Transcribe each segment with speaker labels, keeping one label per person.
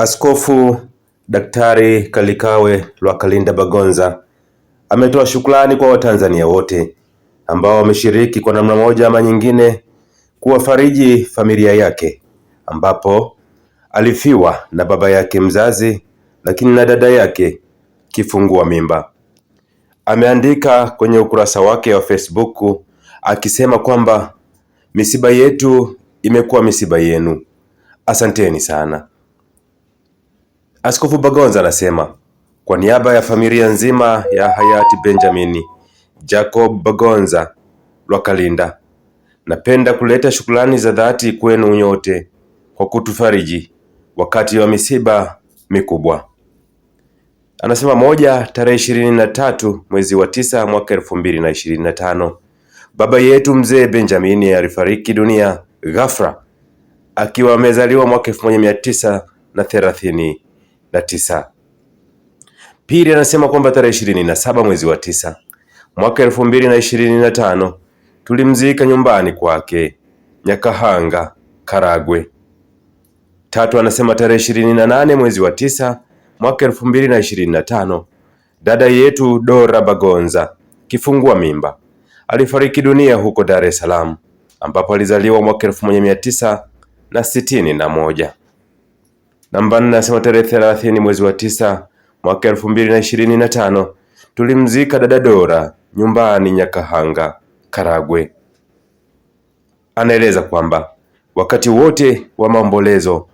Speaker 1: Askofu Daktari Kalikawe Lwakalinda Bagonza ametoa shukrani kwa Watanzania wote ambao wameshiriki kwa namna moja ama nyingine kuwafariji familia yake, ambapo alifiwa na baba yake mzazi, lakini na dada yake kifungua mimba. Ameandika kwenye ukurasa wake wa Facebook akisema kwamba misiba yetu imekuwa misiba yenu, asanteni sana. Askofu Bagonza anasema kwa niaba ya familia nzima ya hayati Benjamini Jacob Bagonza Lwakalinda, napenda kuleta shukrani za dhati kwenu nyote kwa kutufariji wakati wa misiba mikubwa. Anasema moja, tarehe ishirini na tatu mwezi wa tisa mwaka elfu mbili na ishirini na tano baba yetu mzee Benjamini alifariki dunia ghafla akiwa amezaliwa mwaka elfu moja mia tisa na thelathini la tisa. Pili, anasema kwamba tarehe ishirini na saba mwezi wa tisa mwaka elfu mbili na ishirini na tano tulimzika nyumbani kwake Nyakahanga, Karagwe. Tatu, anasema tarehe ishirini na nane mwezi wa tisa mwaka elfu mbili na ishirini na tano dada yetu Dora Bagonza kifungua mimba alifariki dunia huko Dar es Salaam ambapo alizaliwa mwaka elfu moja mia tisa na sitini na moja. Namba nne nasema tarehe thelathini mwezi wa tisa mwaka elfu mbili na ishirini na tano tulimzika dada Dora nyumbani Nyakahanga, Karagwe. Anaeleza kwamba wakati wote wa maombolezo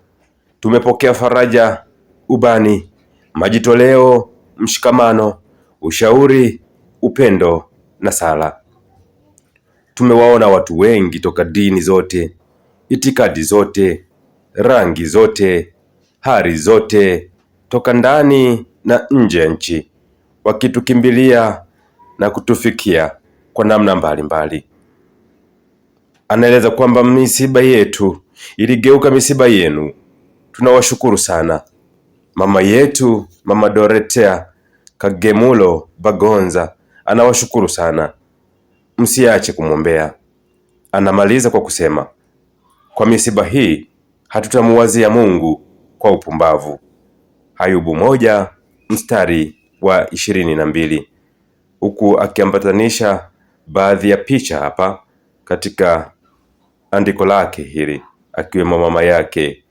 Speaker 1: tumepokea faraja, ubani, majitoleo, mshikamano, ushauri, upendo na sala. Tumewaona watu wengi toka dini zote, itikadi zote, rangi zote hari zote toka ndani na nje ya nchi, wakitukimbilia na kutufikia kwa namna mbalimbali. Anaeleza kwamba misiba yetu iligeuka misiba yenu. Tunawashukuru sana mama yetu, mama Dorothea Kagemulo Bagonza anawashukuru sana, msiache kumwombea. Anamaliza kwa kusema kwa misiba hii hatutamuwazia Mungu kwa upumbavu. Ayubu moja mstari wa ishirini na mbili huku akiambatanisha baadhi ya picha hapa katika andiko lake hili akiwemo mama yake